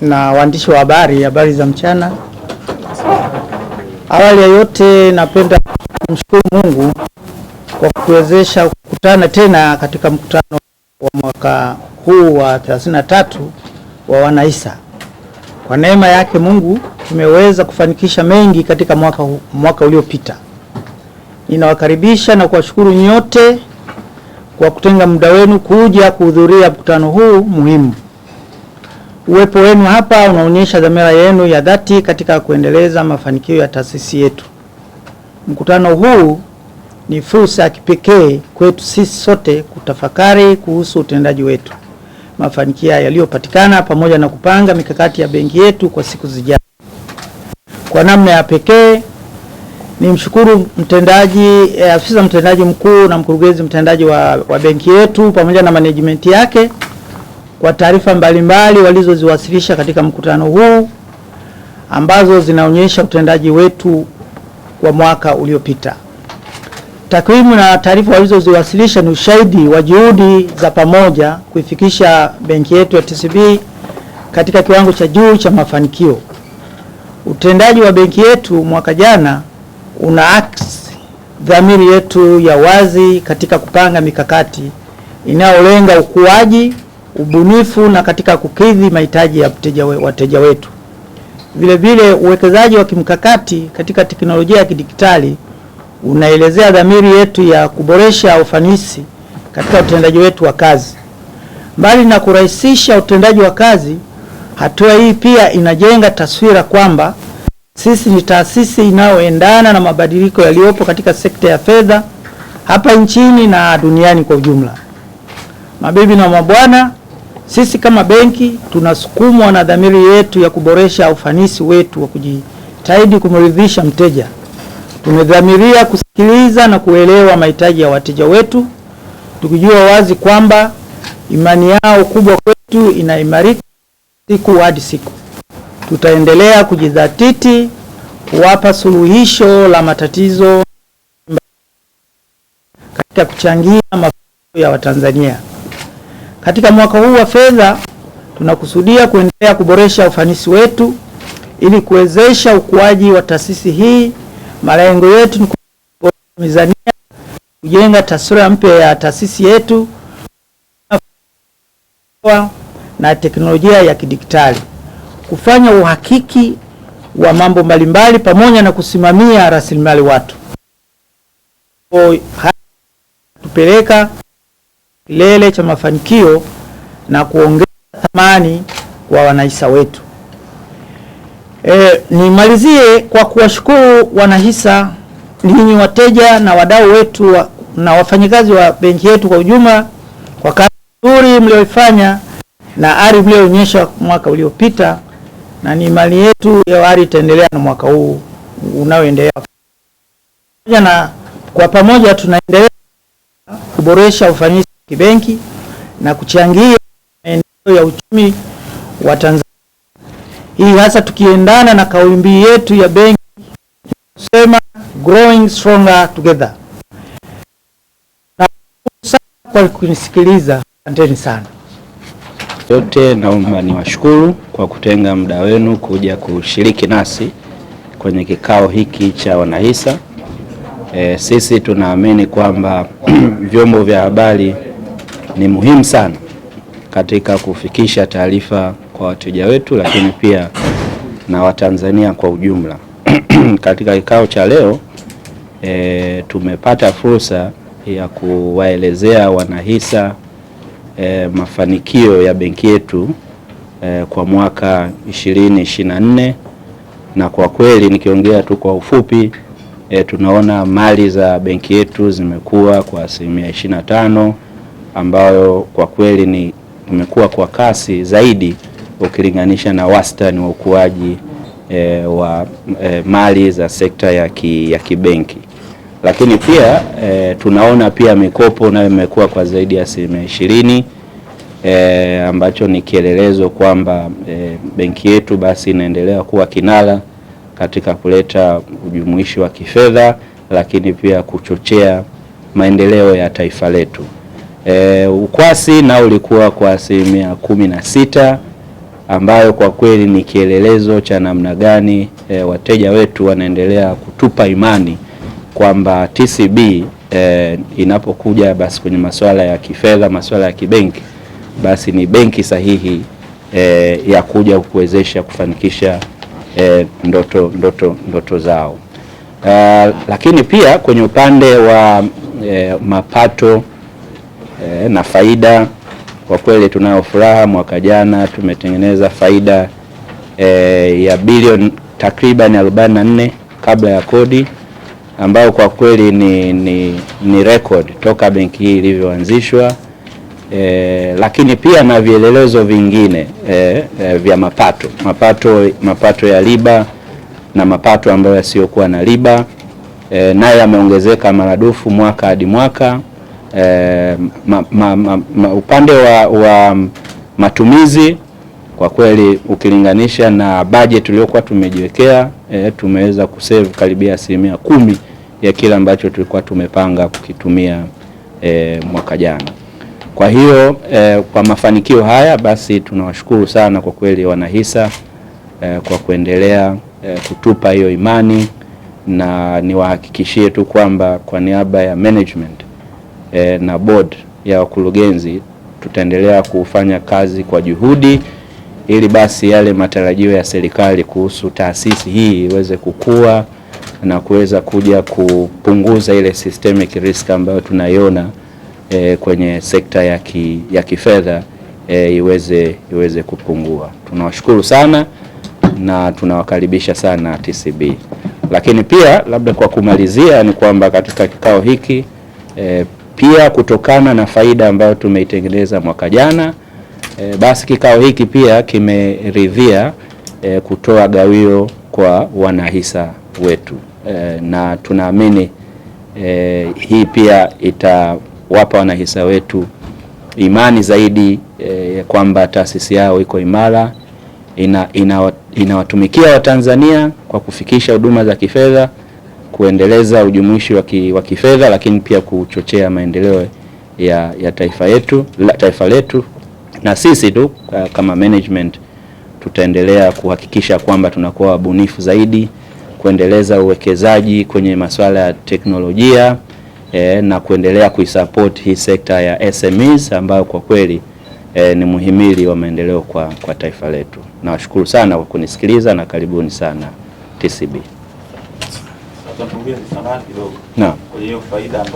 na waandishi wa habari, habari za mchana. Awali ya yote, napenda kumshukuru Mungu kwa kutuwezesha kukutana tena katika mkutano wa mwaka huu wa 33 wa Wanaisa. Kwa neema yake Mungu tumeweza kufanikisha mengi katika mwaka, mwaka uliopita. Ninawakaribisha na kuwashukuru nyote kwa kutenga muda wenu kuja kuhudhuria mkutano huu muhimu. Uwepo wenu hapa unaonyesha dhamira yenu ya dhati katika kuendeleza mafanikio ya taasisi yetu. Mkutano huu ni fursa ya kipekee kwetu sisi sote kutafakari kuhusu utendaji wetu, mafanikio yaliyopatikana, pamoja na kupanga mikakati ya benki yetu kwa siku zijazo. Kwa namna ya pekee ni mshukuru mtendaji eh, afisa mtendaji mkuu na mkurugenzi mtendaji wa, wa benki yetu pamoja na management yake kwa taarifa mbalimbali walizoziwasilisha katika mkutano huu ambazo zinaonyesha utendaji wetu wa mwaka uliopita. Takwimu na taarifa walizoziwasilisha ni ushahidi wa juhudi za pamoja kuifikisha benki yetu ya TCB katika kiwango cha juu cha mafanikio. Utendaji wa benki yetu mwaka jana unaakisi dhamiri yetu ya wazi katika kupanga mikakati inayolenga ukuaji ubunifu na katika kukidhi mahitaji ya wateja wetu. Vilevile, uwekezaji wa kimkakati katika teknolojia ya kidijitali unaelezea dhamiri yetu ya kuboresha ufanisi katika utendaji wetu wa kazi. Mbali na kurahisisha utendaji wa kazi, hatua hii pia inajenga taswira kwamba sisi ni taasisi inayoendana na mabadiliko yaliyopo katika sekta ya fedha hapa nchini na duniani kwa ujumla. Mabibi na mabwana sisi kama benki tunasukumwa na dhamiri yetu ya kuboresha ufanisi wetu wa kujitahidi kumridhisha mteja. Tumedhamiria kusikiliza na kuelewa mahitaji ya wateja wetu, tukijua wazi kwamba imani yao kubwa kwetu inaimarika siku hadi siku. Tutaendelea kujidhatiti kuwapa suluhisho la matatizo katika kuchangia mafanikio ya Watanzania. Katika mwaka huu wa fedha tunakusudia kuendelea kuboresha ufanisi wetu ili kuwezesha ukuaji wa taasisi hii. Malengo yetu ni kuboresha mizania, kujenga taswira mpya ya taasisi yetu na teknolojia ya kidijitali, kufanya uhakiki wa mambo mbalimbali pamoja na kusimamia rasilimali watu tupeleka kilele cha mafanikio na kuongeza thamani kwa wanahisa wetu. E, nimalizie kwa kuwashukuru wanahisa ninyi wateja na wadau wetu wa, na wafanyakazi wa benki yetu kwa ujumla kwa kazi nzuri mlioifanya na ari mlioonyesha mwaka uliopita, na ni mali yetu ya ari itaendelea na mwaka huu unaoendelea, na kwa pamoja tunaendelea kuboresha ufanisi kibenki na kuchangia maendeleo ya uchumi wa Tanzania. Hii hasa tukiendana na kauli mbiu yetu ya benki sema growing stronger together. Na kwa kunisikiliza, asanteni sana. Yote naomba niwashukuru kwa kutenga muda wenu kuja kushiriki nasi kwenye kikao hiki cha wanahisa. E, sisi tunaamini kwamba vyombo vya habari ni muhimu sana katika kufikisha taarifa kwa wateja wetu, lakini pia na Watanzania kwa ujumla. Katika kikao cha leo e, tumepata fursa ya kuwaelezea wanahisa e, mafanikio ya benki yetu e, kwa mwaka 2024 na kwa kweli nikiongea tu kwa ufupi e, tunaona mali za benki yetu zimekuwa kwa asilimia 25 ambayo kwa kweli ni imekuwa kwa kasi zaidi ukilinganisha na wastani wa ukuaji e, wa e, mali za sekta ya, ki, ya kibenki. Lakini pia e, tunaona pia mikopo nayo imekuwa kwa zaidi ya asilimia ishirini e, ambacho ni kielelezo kwamba e, benki yetu basi inaendelea kuwa kinara katika kuleta ujumuishi wa kifedha, lakini pia kuchochea maendeleo ya taifa letu. E, ukwasi nao ulikuwa kwa asilimia kumi na sita ambayo kwa kweli ni kielelezo cha namna gani e, wateja wetu wanaendelea kutupa imani kwamba TCB e, inapokuja basi kwenye masuala ya kifedha, masuala ya kibenki, basi ni benki sahihi e, ya kuja kuwezesha kufanikisha e, ndoto, ndoto, ndoto zao. Uh, lakini pia kwenye upande wa e, mapato e, na faida. Kwa kweli tunayo furaha, mwaka jana tumetengeneza faida e, ya bilioni takriban 44 kabla ya kodi, ambayo kwa kweli ni, ni, ni record toka benki hii ilivyoanzishwa. E, lakini pia na vielelezo vingine e, e, vya mapato mapato mapato ya riba na mapato ambayo yasiyokuwa na riba e, nayo yameongezeka maradufu mwaka hadi mwaka. Eh, ma, ma, ma, ma, upande wa, wa matumizi kwa kweli ukilinganisha na bajeti tuliyokuwa tumejiwekea e, tumeweza kusave karibia asilimia kumi ya kile ambacho tulikuwa tumepanga kukitumia e, mwaka jana. Kwa hiyo e, kwa mafanikio haya basi tunawashukuru sana kwa kweli wanahisa e, kwa kuendelea e, kutupa hiyo imani na niwahakikishie tu kwamba kwa niaba ya management eh, na board ya wakurugenzi tutaendelea kufanya kazi kwa juhudi ili basi yale matarajio ya serikali kuhusu taasisi hii iweze kukua na kuweza kuja kupunguza ile systemic risk ambayo tunaiona eh, kwenye sekta ya, ki, ya kifedha eh, iweze, iweze kupungua. Tunawashukuru sana na tunawakaribisha sana TCB. Lakini pia labda kwa kumalizia ni kwamba katika kikao hiki eh, pia kutokana na faida ambayo tumeitengeneza mwaka jana e, basi kikao hiki pia kimeridhia e, kutoa gawio kwa wanahisa wetu e, na tunaamini e, hii pia itawapa wanahisa wetu imani zaidi e, kwamba taasisi yao iko imara inawatumikia ina, ina Watanzania kwa kufikisha huduma za kifedha kuendeleza ujumuishi wa kifedha, lakini pia kuchochea maendeleo ya, ya taifa yetu, la, taifa letu na sisi tu uh, kama management tutaendelea kuhakikisha kwamba tunakuwa wabunifu zaidi, kuendeleza uwekezaji kwenye masuala ya teknolojia eh, na kuendelea kuisupport hii sekta ya SMEs ambayo kwa kweli eh, ni muhimili wa maendeleo kwa, kwa taifa letu. Nawashukuru sana kwa kunisikiliza na karibuni sana TCB. watoto wengine samaki kidogo. Naam. Kwa hiyo